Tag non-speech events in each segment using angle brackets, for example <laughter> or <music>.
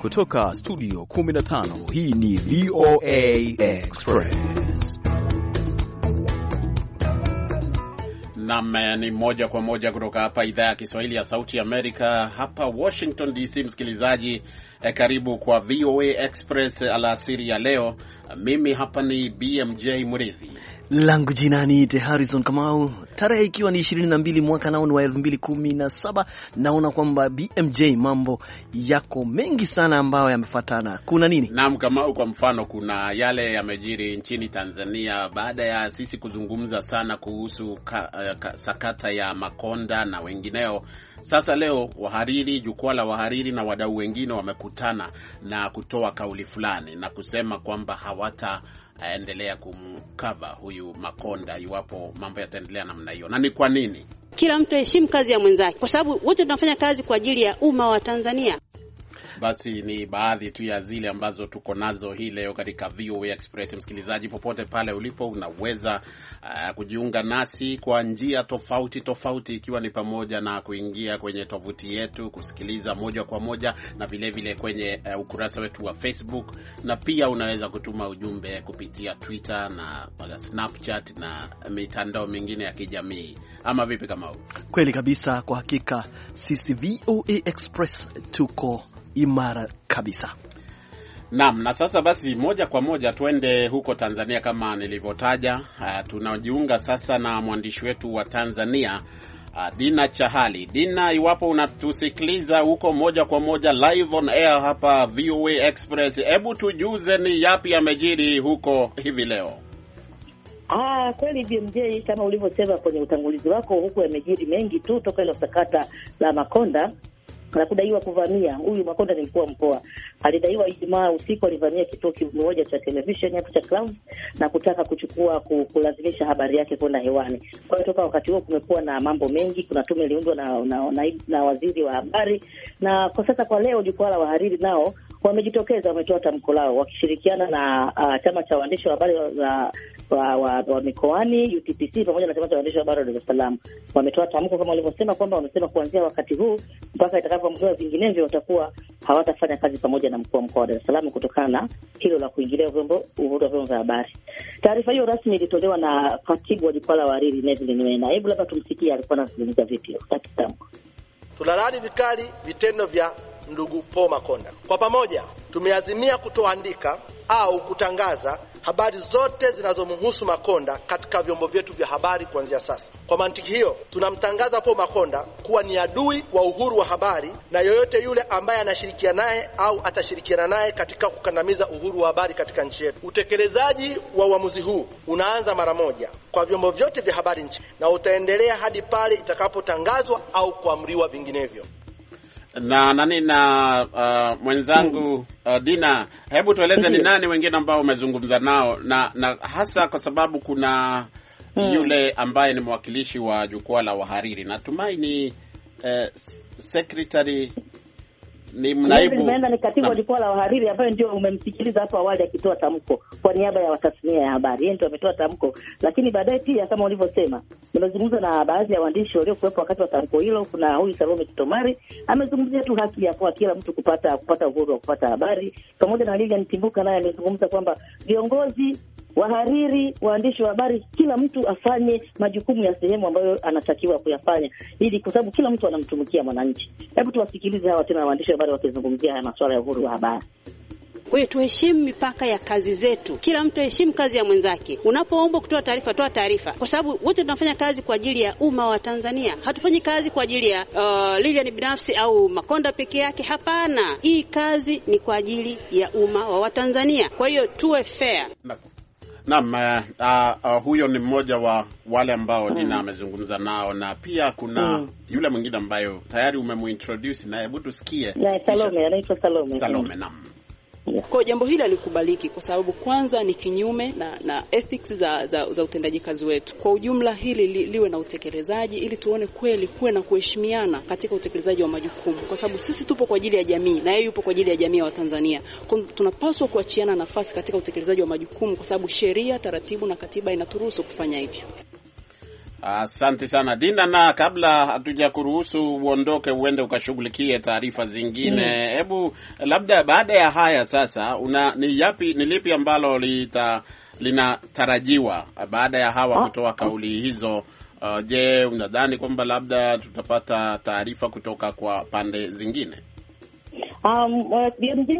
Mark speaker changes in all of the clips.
Speaker 1: Kutoka studio 15 hii ni VOA Express.
Speaker 2: Nam ni moja kwa moja kutoka hapa idhaa ya Kiswahili ya Sauti ya Amerika hapa Washington DC. Msikilizaji eh, karibu kwa VOA Express alasiri ya leo. Mimi hapa ni BMJ mridhi
Speaker 3: langu jina niite Harrison Kamau, tarehe ikiwa ni 22 mwaka naoni wa saba. Naona kwamba BMJ mambo yako mengi sana ambayo yamefuatana. Kuna nini?
Speaker 2: nam Kamau, kwa mfano kuna yale yamejiri nchini Tanzania baada ya sisi kuzungumza sana kuhusu ka, eh, ka, sakata ya Makonda na wengineo. Sasa leo wahariri, jukwaa la wahariri na wadau wengine wamekutana na kutoa kauli fulani na kusema kwamba hawata aendelea kumkava huyu Makonda iwapo mambo yataendelea namna hiyo, na ni kwa nini?
Speaker 4: Kila mtu aheshimu kazi ya mwenzake, kwa sababu wote tunafanya kazi kwa ajili ya umma wa Tanzania.
Speaker 2: Basi ni baadhi tu ya zile ambazo tuko nazo hii leo katika VOA Express. Msikilizaji, popote pale ulipo, unaweza uh, kujiunga nasi kwa njia tofauti tofauti, ikiwa ni pamoja na kuingia kwenye tovuti yetu kusikiliza moja kwa moja na vilevile vile kwenye uh, ukurasa wetu wa Facebook, na pia unaweza kutuma ujumbe kupitia Twitter na uh, Snapchat na mitandao mingine ya kijamii. Ama vipi? Kama
Speaker 3: kweli kabisa, kwa hakika sisi VOA Express tuko imara kabisa.
Speaker 2: Naam, na sasa basi, moja kwa moja tuende huko Tanzania kama nilivyotaja. Uh, tunajiunga sasa na mwandishi wetu wa Tanzania uh, Dina Chahali. Dina, iwapo unatusikiliza huko moja kwa moja live on air hapa VOA Express, hebu tujuze ni yapi yamejiri huko hivi leo?
Speaker 4: Ah, kweli BMJ, kama ulivyosema kwenye utangulizi wako, huku yamejiri mengi tu toka ilo sakata la Makonda na kudaiwa kuvamia. Huyu Makonda ni mkuu wa mkoa, alidaiwa Ijumaa usiku alivamia kituo kimoja cha televisheni hapo cha Clouds na kutaka kuchukua kulazimisha habari yake kwenda hewani. Kwa hiyo toka wakati huo kumekuwa na mambo mengi. Kuna tume iliundwa na, na, na, na waziri wa habari, na kwa sasa kwa leo jukwaa la wahariri nao wamejitokeza, wametoa tamko lao wakishirikiana na uh, chama cha waandishi wa habari za wa, wa, wa mikoani UTPC pamoja na chama cha waandishi wa habari wa Dar es Salaam wametoa tamko kama walivyosema, kwamba wamesema kuanzia wakati huu mpaka itakapoamriwa vinginevyo, watakuwa hawatafanya kazi pamoja na mkuu wa mkoa wa Dar es Salaam kutokana na hilo la kuingilia vyombo uhuru wa vyombo vya habari. Taarifa hiyo rasmi ilitolewa na katibu wa jukwaa la wahariri Neville Hebu labda tumsikie alikuwa anazungumza vipi wakati tamko.
Speaker 1: Tunalaani vikali vitendo vya ndugu Paul Makonda. Kwa pamoja tumeazimia kutoandika au kutangaza habari zote zinazomhusu Makonda katika vyombo vyetu vya habari kuanzia sasa. Kwa mantiki hiyo, tunamtangaza Paul Makonda kuwa ni adui wa uhuru wa habari na yoyote yule ambaye anashirikiana naye au atashirikiana naye katika kukandamiza uhuru wa habari katika nchi yetu. Utekelezaji wa uamuzi huu unaanza mara moja kwa vyombo vyote vya habari nchi na utaendelea hadi pale itakapotangazwa au kuamriwa vinginevyo
Speaker 2: na nani na uh, mwenzangu mm. uh, Dina, hebu tueleze ni mm-hmm. nani wengine ambao umezungumza nao na, na hasa kwa sababu kuna mm. yule ambaye ni mwakilishi wa jukwaa la wahariri natumai ni eh, secretary ni mnaibu nimeenda ni katibu wa
Speaker 4: jukwaa la wahariri ambayo ndio umemsikiliza hapo awali akitoa tamko kwa niaba ya tasnia ya habari. Yeye ndio ametoa tamko, lakini baadaye pia kama ulivyosema, nimezungumza na baadhi ya waandishi waliokuwepo wakati wa tamko hilo. Kuna huyu Salome Kitomari amezungumzia tu haki ya kwa kila mtu kupata kupata uhuru wa kupata habari, pamoja na Lilian Timbuka naye amezungumza kwamba viongozi wahariri, waandishi wa habari, kila mtu afanye majukumu ya sehemu ambayo anatakiwa kuyafanya, ili kwa sababu kila mtu anamtumikia mwananchi. Hebu tuwasikilize hawa tena waandishi wa habari wakizungumzia haya masuala ya uhuru wa habari. Kwa hiyo tuheshimu mipaka ya kazi zetu, kila mtu aheshimu kazi ya mwenzake. Unapoombwa kutoa taarifa, toa taarifa, kwa sababu wote tunafanya kazi kwa ajili ya umma wa Tanzania. Hatufanyi kazi kwa ajili ya uh, Lilian binafsi au Makonda peke yake. Hapana, hii kazi ni kwa ajili ya umma wa Watanzania. Kwa hiyo tuwe fair.
Speaker 2: Naam, uh, uh, huyo ni mmoja wa wale ambao Dina mm. amezungumza nao na pia kuna mm. yule mwingine ambayo tayari umemuintroduce na hebu tusikie. Salome, anaitwa Salome. Salome, naam.
Speaker 4: Kwa jambo hili
Speaker 5: alikubaliki kwa sababu kwanza ni kinyume na, na ethics za, za, za utendaji kazi wetu kwa ujumla. Hili li, liwe na utekelezaji ili tuone kweli kuwe na kuheshimiana katika utekelezaji wa majukumu, kwa sababu sisi tupo kwa ajili ya jamii na yeye yupo kwa ajili ya jamii ya Watanzania. Tunapaswa kuachiana nafasi katika utekelezaji wa majukumu, kwa sababu sheria, taratibu na katiba inaturuhusu kufanya hivyo.
Speaker 2: Asante sana Dina, na kabla hatuja kuruhusu uondoke uende ukashughulikie taarifa zingine, mm. hebu labda baada ya haya sasa, una ni yapi ni lipi ambalo lita linatarajiwa baada ya hawa ah. kutoa kauli hizo? Uh, je, unadhani kwamba labda tutapata taarifa kutoka kwa pande zingine?
Speaker 4: Um, uh,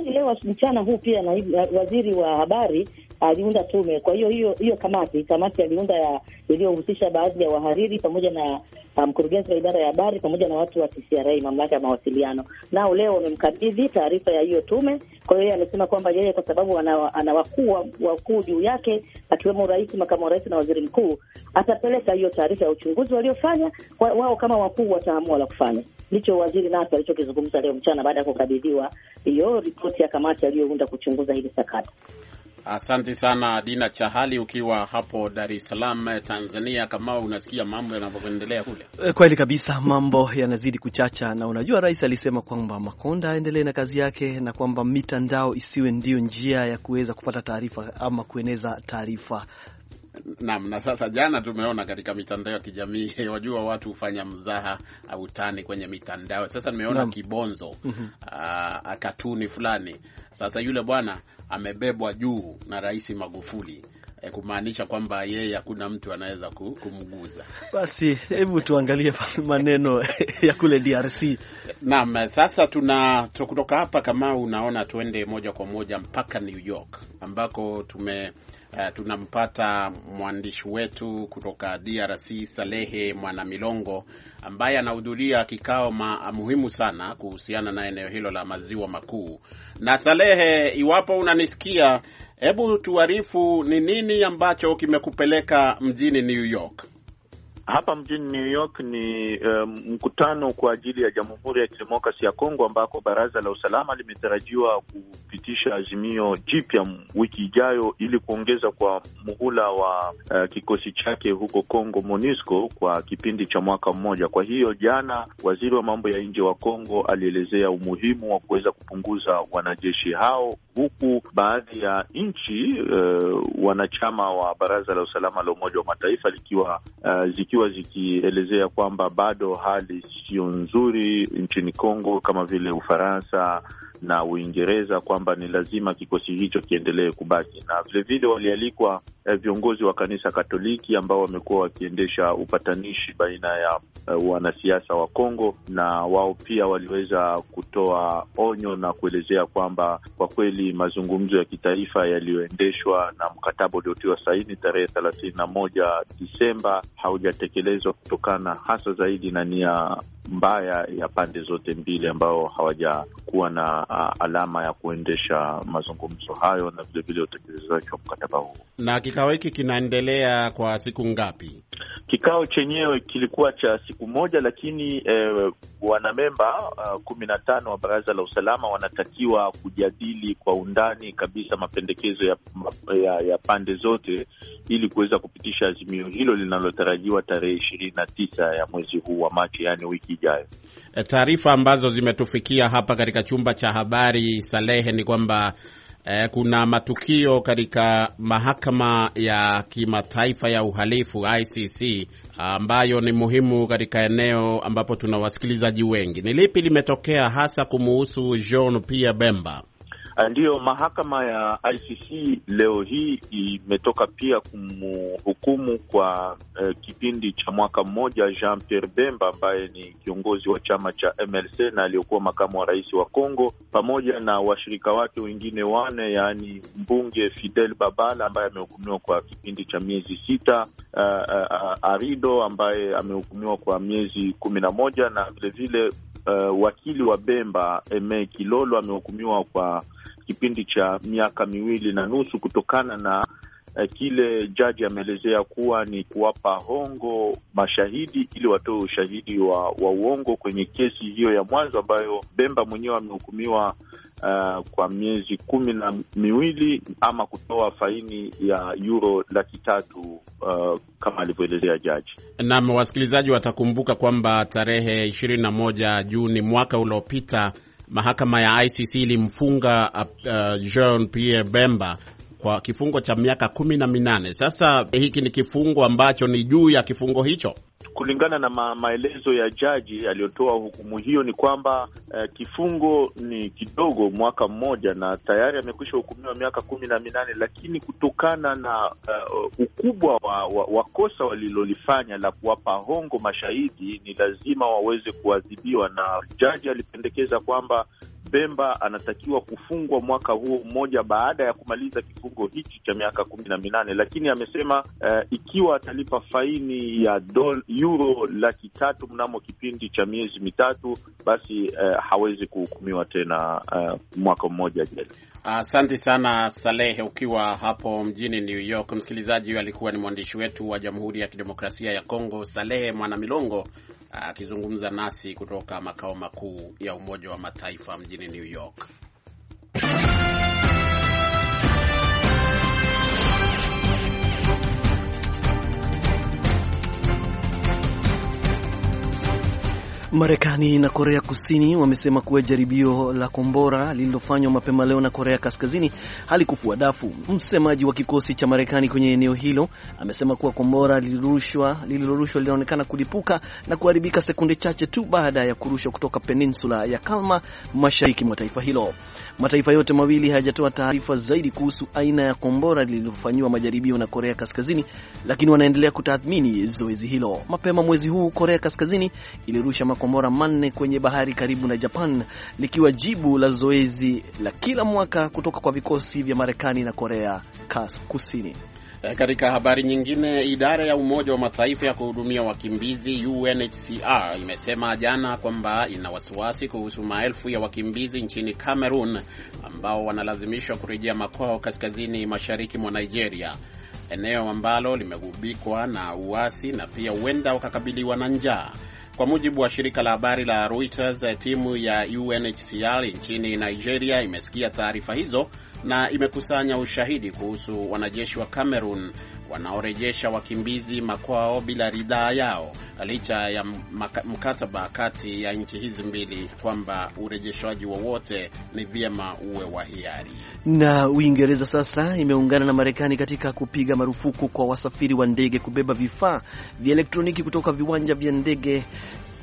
Speaker 4: leo mchana huu pia na waziri wa habari aliunda tume. Kwa hiyo hiyo hiyo kamati kamati aliunda ya iliyohusisha baadhi ya wahariri pamoja na uh, mkurugenzi um, wa idara ya habari pamoja na watu wa TCRA, mamlaka ya mawasiliano, nao leo wamemkabidhi taarifa ya hiyo tume. Kwa hiyo yeye amesema kwamba yeye kwa sababu ana, ana wakuu wakuu juu yake akiwemo rais, makamu wa rais na waziri mkuu, atapeleka hiyo taarifa ya uchunguzi waliofanya wao kama wakuu wataamua la kufanya. Ndicho waziri NASA alichokizungumza leo mchana baada ya kukabidhiwa hiyo ripoti ya kamati aliyounda kuchunguza hili
Speaker 2: sakata. Asante sana Dina Chahali, ukiwa hapo Dar es Salaam, Tanzania. Kama unasikia mambo yanavyoendelea kule,
Speaker 3: eh, kweli kabisa, mambo yanazidi kuchacha. Na unajua rais alisema kwamba Makonda aendelee na kazi yake na kwamba mitandao isiwe ndio njia ya kuweza kupata taarifa ama kueneza taarifa.
Speaker 2: Naam, na sasa jana tumeona katika mitandao ya kijamii <laughs> wajua, watu hufanya mzaha au utani kwenye mitandao. Sasa nimeona kibonzo mm -hmm. a, ah, katuni fulani. Sasa yule bwana amebebwa juu na Rais Magufuli e, kumaanisha kwamba yeye hakuna mtu anaweza kumguza.
Speaker 3: Basi hebu tuangalie maneno ya kule DRC.
Speaker 2: Naam, sasa tuna kutoka hapa, kama unaona, tuende moja kwa moja mpaka New York ambako tume uh, tunampata mwandishi wetu kutoka DRC Salehe Mwanamilongo ambaye anahudhuria kikao muhimu sana kuhusiana na eneo hilo la maziwa makuu. Na Salehe, iwapo unanisikia, hebu tuarifu ni nini ambacho kimekupeleka mjini New
Speaker 6: York? hapa mjini New York ni um, mkutano kwa ajili ya Jamhuri ya Kidemokrasi ya Kongo ambako Baraza la Usalama limetarajiwa kupitisha azimio jipya wiki ijayo ili kuongeza kwa muhula wa uh, kikosi chake huko Kongo MONUSCO kwa kipindi cha mwaka mmoja. Kwa hiyo jana, waziri wa mambo ya nje wa Kongo alielezea umuhimu wa kuweza kupunguza wanajeshi hao, huku baadhi ya nchi uh, wanachama wa Baraza la Usalama la Umoja wa Mataifa likiwa uh, zikiwa zikiwa zikielezea kwamba bado hali sio nzuri nchini Kongo kama vile Ufaransa na Uingereza, kwamba ni lazima kikosi hicho kiendelee kubaki, na vilevile walialikwa eh, viongozi wa kanisa Katoliki ambao wamekuwa wakiendesha upatanishi baina ya eh, wanasiasa wa Kongo, na wao pia waliweza kutoa onyo na kuelezea kwamba kwa kweli mazungumzo ya kitaifa yaliyoendeshwa na mkataba uliotiwa saini tarehe thelathini na moja Disemba haujatekelezwa kutokana hasa zaidi na nia mbaya ya pande zote mbili, ambao hawajakuwa na uh, alama ya kuendesha mazungumzo hayo na vilevile utekelezaji wa mkataba huo.
Speaker 2: Na kikao hiki kinaendelea kwa siku ngapi?
Speaker 6: Kikao chenyewe kilikuwa cha siku moja, lakini eh, wanamemba uh, kumi na tano wa baraza la usalama wanatakiwa kujadili kwa undani kabisa mapendekezo ya, ya, ya pande zote ili kuweza kupitisha azimio hilo linalotarajiwa tarehe ishirini na tisa ya mwezi huu wa Machi, yani wiki ijayo.
Speaker 2: Eh, taarifa ambazo zimetufikia hapa katika chumba cha habari Salehe ni kwamba e, kuna matukio katika mahakama ya kimataifa ya uhalifu ICC ambayo ni muhimu katika eneo ambapo tuna wasikilizaji wengi. Ni lipi limetokea hasa kumuhusu Jean Pierre Bemba?
Speaker 6: Ah, Ndiyo, mahakama ya ICC leo hii imetoka pia kumhukumu kwa eh, kipindi cha mwaka mmoja Jean Pierre Bemba ambaye ni kiongozi wa chama cha MLC na aliyokuwa makamu wa rais wa Congo pamoja na washirika wake wengine wane, yaani mbunge Fidel Babala ambaye amehukumiwa kwa kipindi cha miezi sita, uh, eh, uh, eh, eh, Arido ambaye amehukumiwa kwa miezi kumi na moja na vilevile uh, wakili wa Bemba Eme Kilolo amehukumiwa kwa kipindi cha miaka miwili na nusu kutokana na uh, kile jaji ameelezea kuwa ni kuwapa hongo mashahidi ili watoe ushahidi wa, wa uongo kwenye kesi hiyo ya mwanzo ambayo Bemba mwenyewe amehukumiwa uh, kwa miezi kumi na miwili ama kutoa faini ya euro laki tatu uh, kama alivyoelezea jaji.
Speaker 2: Naam, wasikilizaji watakumbuka kwamba tarehe ishirini na moja Juni mwaka uliopita mahakama ya ICC ilimfunga uh, Jean Pierre Bemba kwa kifungo cha miaka kumi na minane. Sasa hiki ni kifungo ambacho ni juu ya kifungo hicho
Speaker 6: kulingana na ma maelezo ya jaji aliyotoa hukumu hiyo ni kwamba uh, kifungo ni kidogo, mwaka mmoja, na tayari amekwisha hukumiwa miaka kumi na minane, lakini kutokana na uh, ukubwa wa, wa, wa kosa walilolifanya la kuwapa hongo mashahidi, ni lazima waweze kuadhibiwa, na jaji alipendekeza kwamba Bemba anatakiwa kufungwa mwaka huo mmoja baada ya kumaliza kifungo hichi cha miaka kumi na minane, lakini amesema uh, ikiwa atalipa faini ya dol, euro laki tatu mnamo kipindi cha miezi mitatu, basi uh, hawezi kuhukumiwa tena uh, mwaka mmoja jela. Asante uh, sana
Speaker 2: Salehe, ukiwa hapo mjini New York. Msikilizaji huyo alikuwa ni mwandishi wetu wa Jamhuri ya Kidemokrasia ya Kongo, Salehe Mwanamilongo akizungumza nasi kutoka makao makuu ya Umoja wa Mataifa mjini New York.
Speaker 3: Marekani na Korea Kusini wamesema kuwa jaribio la kombora lililofanywa mapema leo na Korea Kaskazini halikufua dafu. Msemaji wa kikosi cha Marekani kwenye eneo hilo amesema kuwa kombora lililorushwa linaonekana kulipuka na kuharibika sekunde chache tu baada ya kurushwa kutoka peninsula ya Kalma, mashariki mwa taifa hilo. Mataifa yote mawili hayajatoa taarifa zaidi kuhusu aina ya kombora lililofanyiwa majaribio na Korea Kaskazini, lakini wanaendelea kutathmini zoezi hilo. Mapema mwezi huu Korea Kaskazini ilirusha makomora manne kwenye bahari karibu na Japan, likiwa jibu la zoezi la kila mwaka kutoka kwa vikosi vya Marekani na Korea Kusini.
Speaker 2: Eh, katika habari nyingine, idara ya Umoja wa Mataifa ya kuhudumia wakimbizi UNHCR imesema jana kwamba ina wasiwasi kuhusu maelfu ya wakimbizi nchini Cameroon ambao wanalazimishwa kurejea makwao kaskazini mashariki mwa Nigeria, eneo ambalo limegubikwa na uasi na pia huenda wakakabiliwa na njaa. Kwa mujibu wa shirika la habari la Reuters, timu ya UNHCR nchini Nigeria imesikia taarifa hizo na imekusanya ushahidi kuhusu wanajeshi wa Cameroon wanaorejesha wakimbizi makwao bila ridhaa yao, licha ya mkataba kati ya nchi hizi mbili kwamba urejeshwaji wowote ni vyema uwe wa hiari.
Speaker 3: Na Uingereza sasa imeungana na Marekani katika kupiga marufuku kwa wasafiri wa ndege kubeba vifaa vya elektroniki kutoka viwanja vya ndege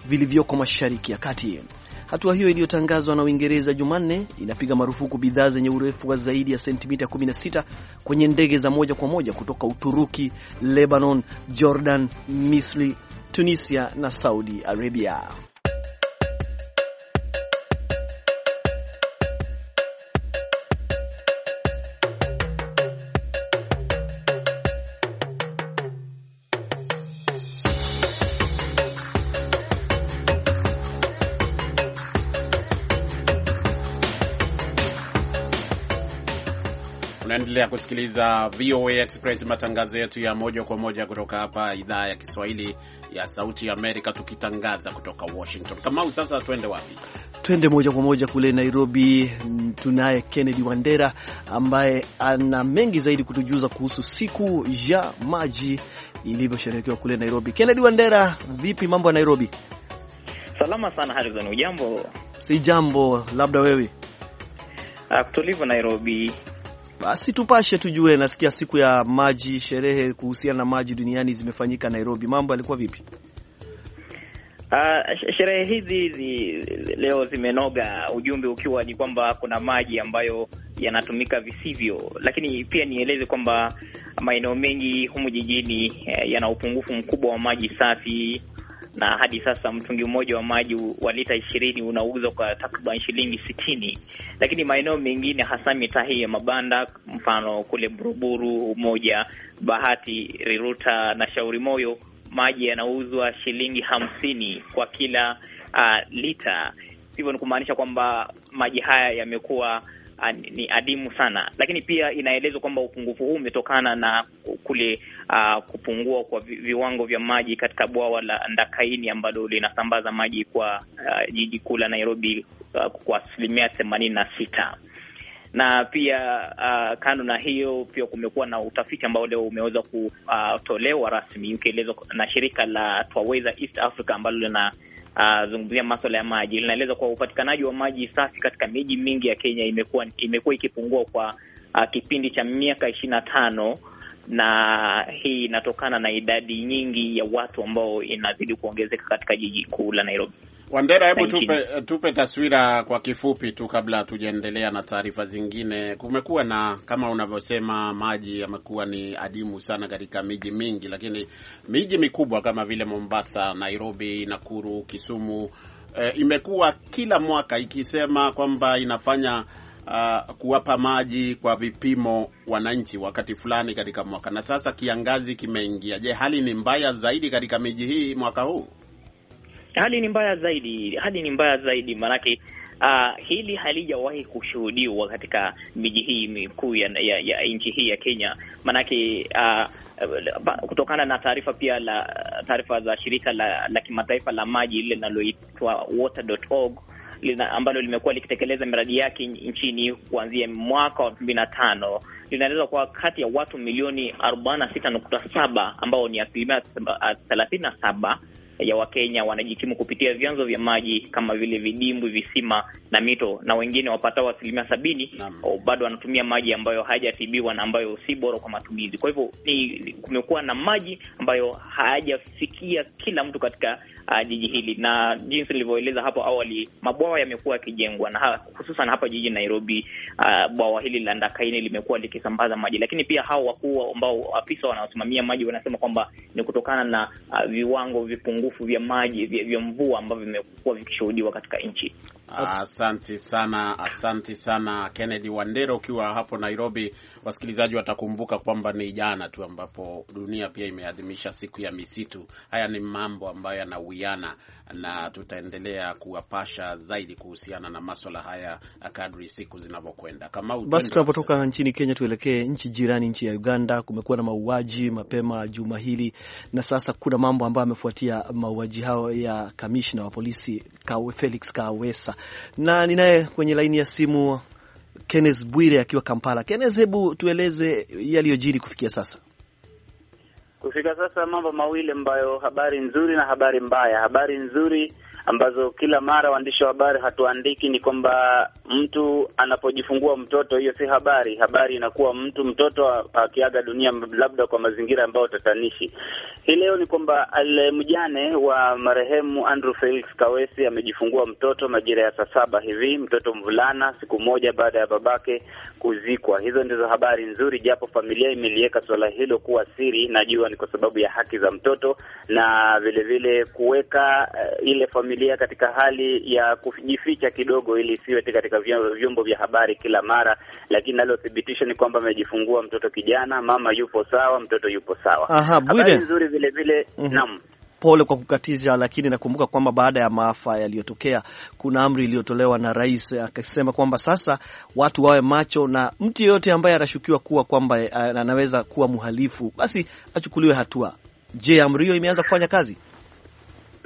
Speaker 3: vilivyoko Mashariki ya Kati. Hatua hiyo iliyotangazwa na Uingereza Jumanne inapiga marufuku bidhaa zenye urefu wa zaidi ya sentimita 16 kwenye ndege za moja kwa moja kutoka Uturuki, Lebanon, Jordan, Misri, Tunisia na Saudi Arabia.
Speaker 2: Unaendelea kusikiliza VOA Express, matangazo yetu ya moja kwa moja kutoka hapa idhaa ya Kiswahili ya Sauti ya Amerika, tukitangaza kutoka Washington. Kamau, sasa tuende wapi?
Speaker 3: Tuende moja kwa moja kule Nairobi. Tunaye Kennedy Wandera ambaye ana mengi zaidi kutujuza kuhusu siku ya maji ilivyosherehekewa kule Nairobi. Kennedy Wandera, vipi mambo ya Nairobi?
Speaker 7: Salama sana Harrison, ujambo?
Speaker 3: Si jambo, labda wewe? Ah, kutulivu Nairobi basi tupashe tujue. Nasikia siku ya maji, sherehe kuhusiana na maji duniani zimefanyika Nairobi. Mambo yalikuwa vipi?
Speaker 7: Uh, sherehe hizi zi, leo zimenoga, ujumbe ukiwa ni kwamba kuna maji ambayo yanatumika visivyo, lakini pia nieleze kwamba maeneo mengi humu jijini eh, yana upungufu mkubwa wa maji safi na hadi sasa mtungi mmoja wa maji wa lita ishirini unauzwa kwa takriban shilingi sitini, lakini maeneo mengine hasa mitaa hii ya mabanda, mfano kule Buruburu, Umoja, Bahati, Riruta na Shauri Moyo, maji yanauzwa shilingi hamsini kwa kila uh, lita. Hivyo ni kumaanisha kwamba maji haya yamekuwa ni adimu sana, lakini pia inaelezwa kwamba upungufu huu umetokana na kule uh, kupungua kwa viwango vya maji katika bwawa la Ndakaini ambalo linasambaza maji kwa uh, jiji kuu la Nairobi uh, kwa asilimia themanini na sita na pia uh, kando na hiyo pia kumekuwa na utafiti ambao leo umeweza kutolewa rasmi ukielezwa na shirika la Twaweza East Africa ambalo lina azungumzia ah, uh, maswala ya maji. Linaeleza kuwa upatikanaji wa maji safi katika miji mingi ya Kenya imekuwa imekuwa ikipungua kwa uh, kipindi cha miaka ishirini na tano na hii inatokana na idadi nyingi ya watu ambao inazidi kuongezeka katika jiji kuu la Nairobi. Wandera, hebu tupe,
Speaker 2: tupe taswira kwa kifupi tu kabla hatujaendelea na taarifa zingine. Kumekuwa na kama unavyosema, maji yamekuwa ni adimu sana katika miji mingi, lakini miji mikubwa kama vile Mombasa, Nairobi, Nakuru, Kisumu e, imekuwa kila mwaka ikisema kwamba inafanya Uh, kuwapa maji kwa vipimo wananchi wakati fulani katika mwaka, na sasa kiangazi kimeingia. Je, hali ni mbaya zaidi
Speaker 7: katika miji hii mwaka huu? hali ni mbaya zaidi, hali ni mbaya zaidi maanake Uh, ah, hili halijawahi kushuhudiwa katika miji hii mikuu ya, ya, ya nchi hii ya Kenya maanake, uh, ah, kutokana na taarifa pia la taarifa za shirika la, la kimataifa la maji lile linaloitwa water.org lina, ambalo limekuwa likitekeleza miradi yake nchini kuanzia mwaka wa elfu mbili na tano linaeleza kuwa kati ya watu milioni arobaini na sita nukta saba ambao ni asilimia ah, thelathini na saba ya Wakenya wanajikimu kupitia vyanzo vya maji kama vile vidimbwi, visima na mito, na wengine wapatao asilimia sabini bado wanatumia maji ambayo hayajatibiwa na ambayo si bora kwa matumizi. Kwa hivyo kumekuwa na maji ambayo hayajafikia kila mtu katika uh, jiji hili, na jinsi nilivyoeleza hapo awali, mabwawa yamekuwa yakijengwa na ha, hususan hapa jiji Nairobi. Uh, bwawa hili la Ndakaini limekuwa likisambaza maji, lakini pia hao wakuu ambao afisa wanaosimamia maji wanasema kwamba ni kutokana na uh, viwango vipungufu vya maji vya, vya mvua ambavyo vimekuwa vikishuhudiwa katika nchi.
Speaker 2: Asante sana, asanti sana Kennedy Wandera, ukiwa hapo Nairobi. Wasikilizaji watakumbuka kwamba ni jana tu ambapo dunia pia imeadhimisha siku ya misitu. Haya ni mambo ambayo yanawiana na tutaendelea kuwapasha zaidi kuhusiana na maswala haya kadri siku zinavyokwenda. Kama basi, tunapotoka
Speaker 3: nchini Kenya tuelekee nchi jirani, nchi ya Uganda. Kumekuwa na mauaji mapema juma hili, na sasa kuna mambo ambayo amefuatia mauaji hayo ya kamishna wa polisi Kawe, Felix kawesa na ninaye kwenye laini ya simu Kenneth Bwire akiwa Kampala. Kenneth, hebu tueleze yaliyojiri kufikia sasa.
Speaker 8: Kufika sasa, mambo mawili ambayo, habari nzuri na habari mbaya. Habari nzuri ambazo kila mara waandishi wa habari hatuandiki ni kwamba mtu anapojifungua mtoto, hiyo si habari. Habari inakuwa mtu mtoto akiaga dunia, labda kwa mazingira ambayo tatanishi. Hii leo ni kwamba mjane wa marehemu Andrew Felix Kawesi amejifungua mtoto majira ya saa saba hivi, mtoto mvulana, siku moja baada ya babake kuzikwa. Hizo ndizo habari nzuri, japo familia imeliweka suala hilo kuwa siri. Najua ni kwa sababu ya haki za mtoto na vilevile kuweka uh, ile familia tamthilia katika hali ya kujificha kidogo, ili isiwe katika vyombo vya habari kila mara, lakini nalothibitisha ni kwamba amejifungua mtoto kijana, mama yupo sawa, mtoto yupo sawa. Aha, habari nzuri vile vile. mm -hmm. Naam.
Speaker 3: Pole kwa kukatiza, lakini nakumbuka kwamba baada ya maafa yaliyotokea kuna amri iliyotolewa na rais, akasema kwamba sasa watu wawe macho na mtu yeyote ambaye anashukiwa kuwa kwamba eh, anaweza kuwa mhalifu basi achukuliwe hatua. Je, amri hiyo imeanza kufanya kazi?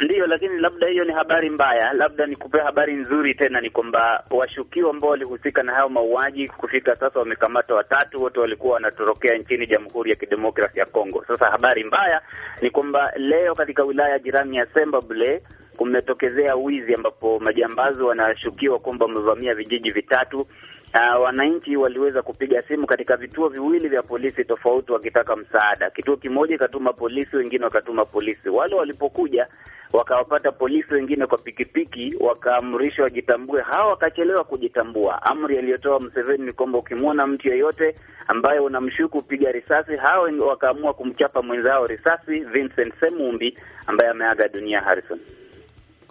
Speaker 8: Ndiyo, lakini labda hiyo ni habari mbaya. Labda nikupea habari nzuri tena, ni kwamba washukiwa ambao walihusika na hayo mauaji kufika sasa wamekamata watatu, wote walikuwa wanatorokea nchini Jamhuri ya Kidemokrasi ya Kongo. Sasa habari mbaya ni kwamba leo katika wilaya jirani ya Sembabule kumetokezea wizi ambapo majambazi wanashukiwa kwamba wamevamia vijiji vitatu Uh, wananchi waliweza kupiga simu katika vituo viwili vya polisi tofauti wakitaka msaada. Kituo kimoja ikatuma polisi, wengine wakatuma polisi. Wale walipokuja wakawapata polisi wengine kwa pikipiki, wakaamrishwa wajitambue, hawa wakachelewa kujitambua. Amri aliyotoa Museveni ni kwamba ukimwona mtu yeyote ambaye unamshuku piga risasi. Hawa wakaamua kumchapa mwenzao risasi Vincent Semumbi ambaye ameaga dunia. Harrison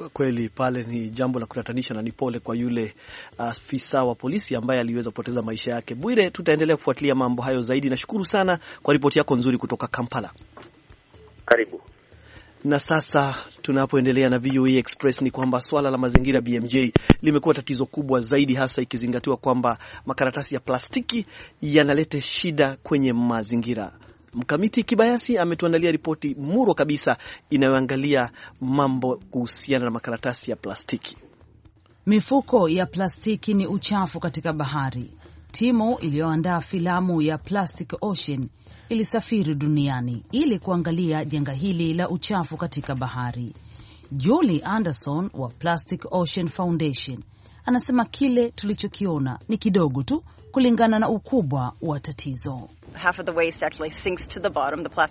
Speaker 3: kweli pale ni jambo la kutatanisha na ni pole kwa yule uh, afisa uh, wa polisi ambaye aliweza kupoteza maisha yake. Bwire, tutaendelea kufuatilia mambo hayo zaidi. Nashukuru sana kwa ripoti yako nzuri kutoka Kampala. Karibu. Na sasa tunapoendelea na VOA e Express ni kwamba swala la mazingira BMJ limekuwa tatizo kubwa zaidi, hasa ikizingatiwa kwamba makaratasi ya plastiki yanaleta shida kwenye mazingira. Mkamiti Kibayasi ametuandalia ripoti murwa kabisa inayoangalia mambo kuhusiana na makaratasi ya plastiki.
Speaker 5: Mifuko ya plastiki ni uchafu katika bahari. Timu iliyoandaa filamu ya Plastic Ocean ilisafiri duniani ili kuangalia janga hili la uchafu katika bahari. Julie Anderson wa Plastic Ocean Foundation anasema kile tulichokiona ni kidogo tu kulingana na ukubwa wa
Speaker 8: tatizo.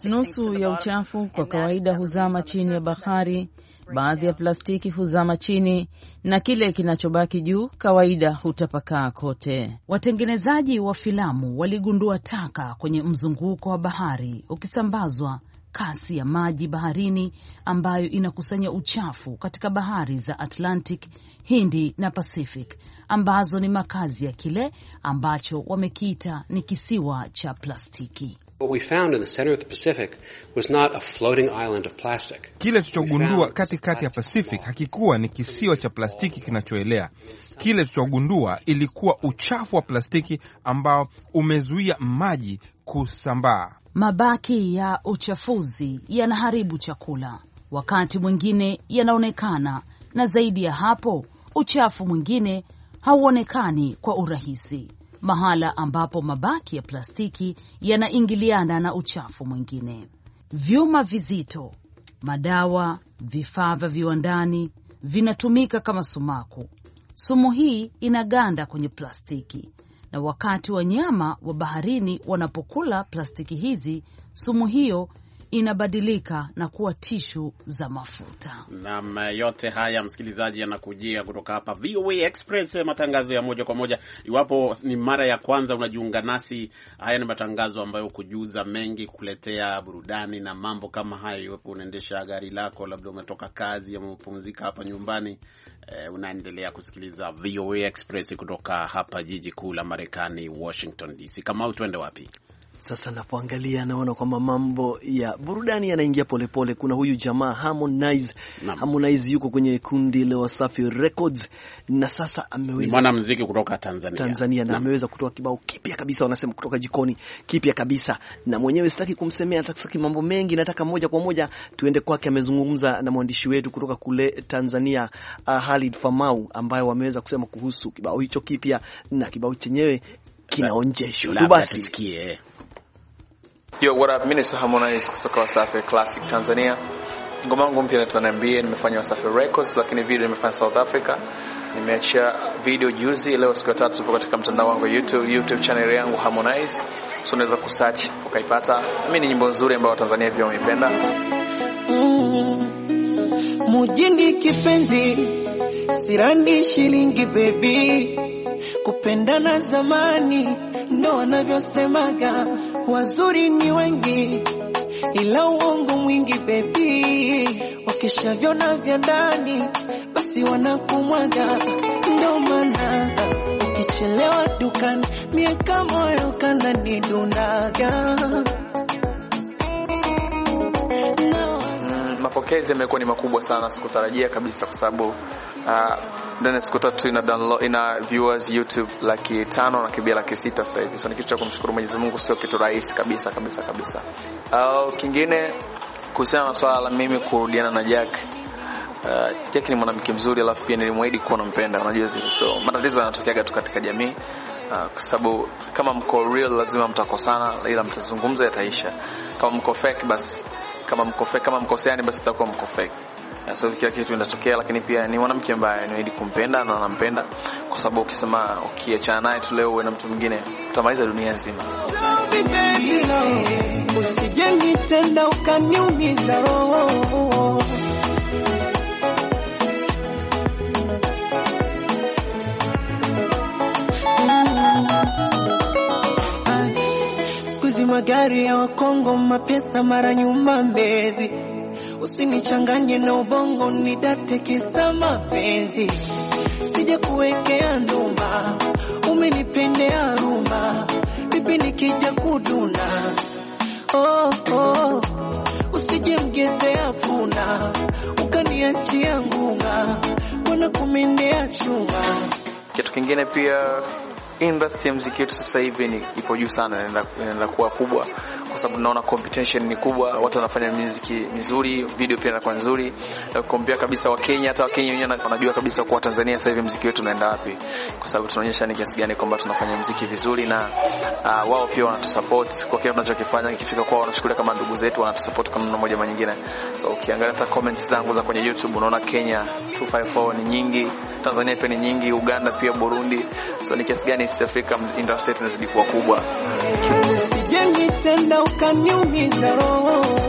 Speaker 8: Nusu ya uchafu
Speaker 5: kwa kawaida huzama chini ya bahari, baadhi ya plastiki huzama chini na kile kinachobaki juu kawaida hutapakaa kote. Watengenezaji wa filamu waligundua taka kwenye mzunguko wa bahari ukisambazwa kasi ya maji baharini ambayo inakusanya uchafu katika bahari za Atlantic, Hindi na Pacific ambazo ni makazi ya kile ambacho wamekiita ni kisiwa cha plastiki.
Speaker 1: Kile tulichogundua katikati ya Pacific hakikuwa ni kisiwa cha plastiki kinachoelea. Kile tulichogundua ilikuwa uchafu wa plastiki ambao umezuia maji kusambaa.
Speaker 5: Mabaki ya uchafuzi yanaharibu chakula, wakati mwingine yanaonekana, na zaidi ya hapo, uchafu mwingine hauonekani kwa urahisi, mahala ambapo mabaki ya plastiki yanaingiliana na uchafu mwingine. Vyuma vizito, madawa, vifaa vya viwandani vinatumika kama sumaku. Sumu hii inaganda kwenye plastiki na wakati wanyama wa baharini wanapokula plastiki hizi, sumu hiyo inabadilika na kuwa tishu za mafuta.
Speaker 2: Naam, yote haya msikilizaji, yanakujia kutoka hapa VOA Express, matangazo ya moja kwa moja. Iwapo ni mara ya kwanza unajiunga nasi, haya ni matangazo ambayo kujuza mengi, kukuletea burudani na mambo kama hayo. Iwapo unaendesha gari lako, labda umetoka kazi ama umepumzika hapa nyumbani, eh, unaendelea kusikiliza VOA Express kutoka hapa jiji kuu la Marekani, Washington DC. au tuende wapi?
Speaker 3: Sasa napoangalia naona kwamba mambo ya burudani yanaingia polepole. Kuna huyu jamaa Harmonize. Harmonize yuko kwenye kundi la Wasafi Records na sasa
Speaker 2: ameweza mwanamuziki kutoka Tanzania, Tanzania na ameweza
Speaker 3: kutoa kibao kipya kabisa, wanasema kutoka jikoni, kipya kabisa. Na mwenyewe sitaki kumsemea, sitaki mambo mengi, nataka moja kwa moja tuende kwake. Amezungumza na mwandishi wetu kutoka kule Tanzania, uh, Halid Famau, ambayo wameweza kusema kuhusu kibao hicho kipya na kibao chenyewe kinaonjeshwa. Basi
Speaker 9: sikie. Yo, what up? Mimi ni Harmonize kutoka Wasafi Classic Tanzania. Ngoma yangu mpya inaitwa Niambie, nimefanya Wasafi Records, lakini video nimefanya South Africa. Nimeachia video juzi, leo siku ya tatu tupo katika mtandao wangu wa YouTube, YouTube channel yangu Harmonize. So unaweza kusearch ukaipata. Mimi ni nyimbo nzuri ambayo Watanzania pia wameipenda.
Speaker 10: Mm, mujini kipenzi, sirani shilingi baby. Kupendana zamani ndo wanavyosemaga Wazuri ni wengi, ila uongo mwingi bebi. Wakishavyona vya ndani, basi wanakumwaga. Ndo maana ukichelewa dukani, miaka moyo kananidundaga
Speaker 9: no mapokezi yamekuwa ni makubwa sana, sikutarajia kabisa, kwa sababu uh, ndani ya siku tatu ina download, ina viewers YouTube laki tano na kibia laki sita sasa hivi, so ni kitu cha kumshukuru Mwenyezi Mungu, sio kitu rahisi kabisa kabisa kabisa. Uh, kingine kuhusiana na swala la mimi kurudiana na Jack Uh, Jack ni mwanamke mzuri, alafu pia nilimwahidi kuwa nampenda, unajua zile, so matatizo yanatokeaga tu katika jamii uh, kwa sababu kama mko real lazima mtakosana, ila mtazungumza yataisha. Kama mko fake basi kama mkofe, kama mkoseani basi tutakuwa mkofeki. So kila kitu inatokea, lakini pia ni mwanamke ambaye niwaidi kumpenda na nampenda, kwa sababu ukisema ukiachana naye tu leo uwe na mtu mwingine utamaliza dunia nzima.
Speaker 10: Usijeni tena ukaniumiza roho magari ya Wakongo, mapesa mara nyuma Mbezi, usinichanganye na ubongo, ni date kisa mapenzi, sija kuwekea nduma, umenipendea ruma bibi, nikija kuduna oh, oh, usije mgezea puna, ukaniachia ngunga, bwana kumendea chuma.
Speaker 9: Kitu kingine pia industry ya muziki wetu sasa hivi ni ipo juu sana, inaenda kuwa kubwa kwa sababu tunaona competition ni kubwa, watu wanafanya muziki mizuri, video pia inakuwa nzuri na kukompea kabisa Kenya, Hata wa Kenya wenyewe wanajua kabisa kwa Tanzania sasa hivi muziki wetu unaenda wapi, kwa sababu tunaonyesha ni kiasi gani kwamba tunafanya muziki vizuri, na uh, wao pia wanatusupport kwa kile tunachokifanya. Ikifika kwao wanachukulia kama ndugu zetu, wanatusupport kwa namna moja au nyingine. So ukiangalia hata comments zangu za kwenye YouTube unaona Kenya 254 ni nyingi, Tanzania pia ni nyingi, Uganda pia, Burundi. So ni kiasi gani East Africa industry yetu kuwa kubwa.
Speaker 10: Usijeni tena ukaniumiza roho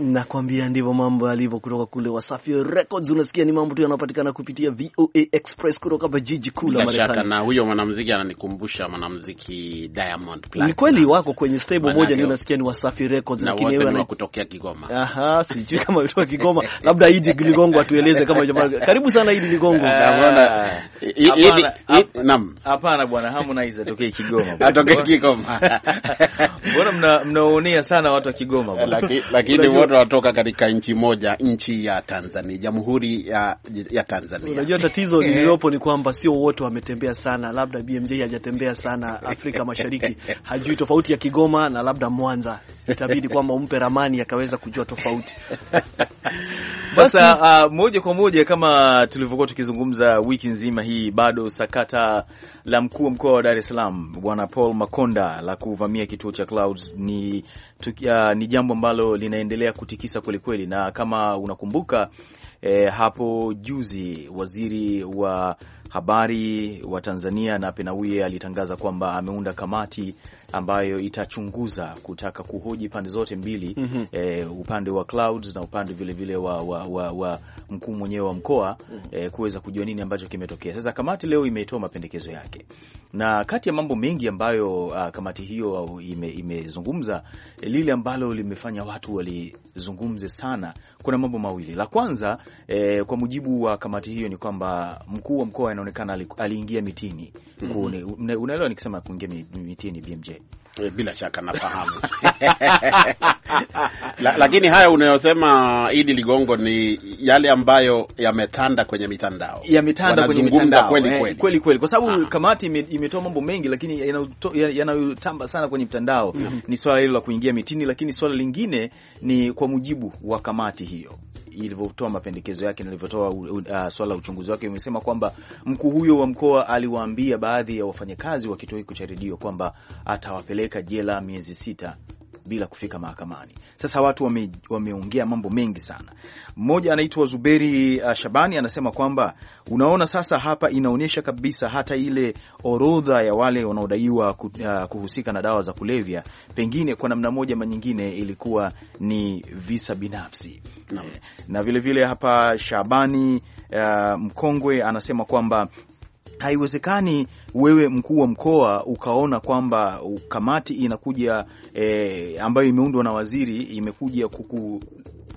Speaker 3: Nakwambia ndivyo mambo yalivyo kutoka kule Wasafi Records. Unasikia ni mambo tu yanayopatikana kupitia VOA Express kutoka hapa jiji kuu la Marekani.
Speaker 2: Na huyo mwanamuziki ananikumbusha mwanamuziki Diamond Platnumz. Ni kweli
Speaker 3: wako kwenye stable Manake, moja, ni unasikia
Speaker 2: ni Wasafi Records, lakini wewe yeye anakutokea Kigoma.
Speaker 3: Aha, sijui kama kutoka Kigoma, <laughs> labda Idi Ligongo atueleze kama jamaa. Karibu sana Idi Ligongo. Ah,
Speaker 2: naam. Hapana bwana, Harmonize atokee Kigoma. Atokee Kigoma. <laughs> Mbona mnaonea sana watu wa Kigoma? Lakini wanatoka katika nchi moja, nchi ya Tanzania, jamhuri ya, ya Tanzania. Unajua tatizo <laughs> lililopo
Speaker 3: ni kwamba sio wote wametembea sana, labda BMJ hajatembea sana Afrika Mashariki, hajui tofauti ya Kigoma na labda Mwanza, itabidi kwamba umpe ramani akaweza kujua tofauti. <laughs> Sasa
Speaker 1: uh, moja kwa moja kama tulivyokuwa tukizungumza wiki nzima hii, bado sakata la mkuu wa mkoa wa Dar es Salaam Bwana Paul Makonda la kuvamia kituo cha Clouds ni ni jambo ambalo linaendelea kutikisa kwelikweli, na kama unakumbuka e, hapo juzi waziri wa habari wa Tanzania Nape Nnauye alitangaza kwamba ameunda kamati ambayo itachunguza kutaka kuhoji pande zote mbili mm -hmm. E, upande wa Clouds na upande vilevile wa, wa, wa, wa mkuu mwenyewe wa mkoa mm -hmm. E, kuweza kujua nini ambacho kimetokea. Sasa kamati leo imetoa mapendekezo yake, na kati ya mambo mengi ambayo a, ah, kamati hiyo imezungumza ime lile ambalo limefanya watu walizungumze sana, kuna mambo mawili. La kwanza e, kwa mujibu wa kamati hiyo ni kwamba mkuu wa mkoa inaonekana aliingia mitini. mm
Speaker 2: -hmm. Unaelewa nikisema kuingia mitini BMJ Eh, bila shaka nafahamu <laughs> La, lakini haya unayosema Idi Ligongo ni yale ambayo yametanda kwenye mitandao yametanda kwenye mitandao kweli eh, kweli, kweli,
Speaker 1: kweli. Kwa sababu ah. kamati imetoa mambo mengi, lakini yanayotamba sana kwenye mitandao mm -hmm. ni swala hilo la kuingia mitini, lakini swala lingine ni kwa mujibu wa kamati hiyo ilivyotoa mapendekezo yake na ilivyotoa uh, swala la uchunguzi wake, imesema kwamba mkuu huyo wa mkoa aliwaambia baadhi ya wafanyakazi wa kituo hicho cha redio kwamba atawapeleka jela miezi sita bila kufika mahakamani. Sasa watu wame, wameongea mambo mengi sana. Mmoja anaitwa Zuberi uh, Shabani anasema kwamba unaona, sasa hapa inaonyesha kabisa hata ile orodha ya wale wanaodaiwa uh, kuhusika na dawa za kulevya, pengine kwa namna moja ama nyingine ilikuwa ni visa binafsi na, eh, na vile vile hapa Shabani uh, mkongwe anasema kwamba haiwezekani wewe mkuu wa mkoa ukaona kwamba kamati inakuja e, ambayo imeundwa na waziri imekuja kuku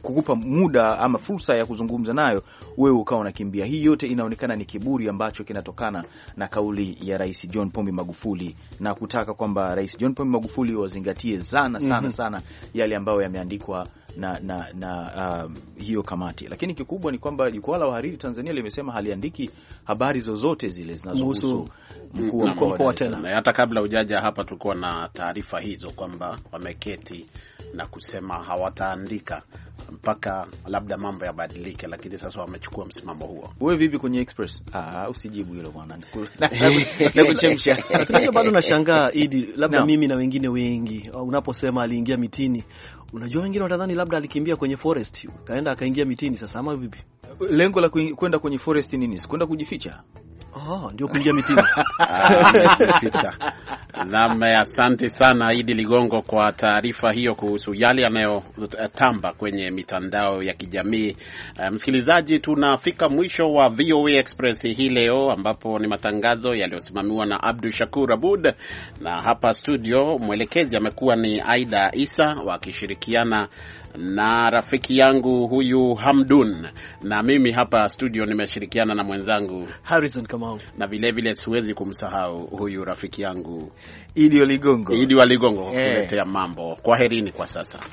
Speaker 1: kukupa muda ama fursa ya kuzungumza nayo, wewe ukawa unakimbia. Hii yote inaonekana ni kiburi ambacho kinatokana na kauli ya Rais John Pombe Magufuli na kutaka kwamba Rais John Pombe Magufuli wazingatie sana sana mm -hmm. sana yale ambayo yameandikwa na, na, na uh, hiyo kamati. Lakini kikubwa ni kwamba jukwaa la wahariri Tanzania limesema haliandiki habari zozote zile zinazohusu mkuu wa mkoa tena.
Speaker 2: Hata kabla ujaja hapa, tulikuwa na taarifa hizo kwamba wameketi na kusema hawataandika mpaka labda mambo yabadilike, lakini sasa wamechukua msimamo huo. Wewe vipi kwenye Express? Ah, usijibu hilo bwana,
Speaker 10: <laughs>
Speaker 1: nakuchemsha. <laughs> hiyo. bado nashangaa Idi, labda no.
Speaker 3: mimi na wengine wengi, unaposema aliingia mitini, unajua wengine watadhani labda alikimbia kwenye forest, kaenda akaingia mitini. Sasa ama vipi, lengo la kwenda kwenye forest nini? Sikwenda kujificha Oh, ndio kuingia mitini.
Speaker 2: Naam, <laughs> asante sana Idi Ligongo kwa taarifa hiyo kuhusu yale yanayotamba kwenye mitandao ya kijamii. Uh, msikilizaji, tunafika mwisho wa VOA Express hii leo, ambapo ni matangazo yaliyosimamiwa na Abdu Shakur Abud, na hapa studio mwelekezi amekuwa ni Aida Isa wakishirikiana na rafiki yangu huyu Hamdun, na mimi hapa studio nimeshirikiana na mwenzangu Harrison Kamau, na vilevile siwezi kumsahau huyu rafiki yangu Idi Ligongo, Idi Waligongo Ligongo eh. kuletea mambo. Kwaherini kwa sasa.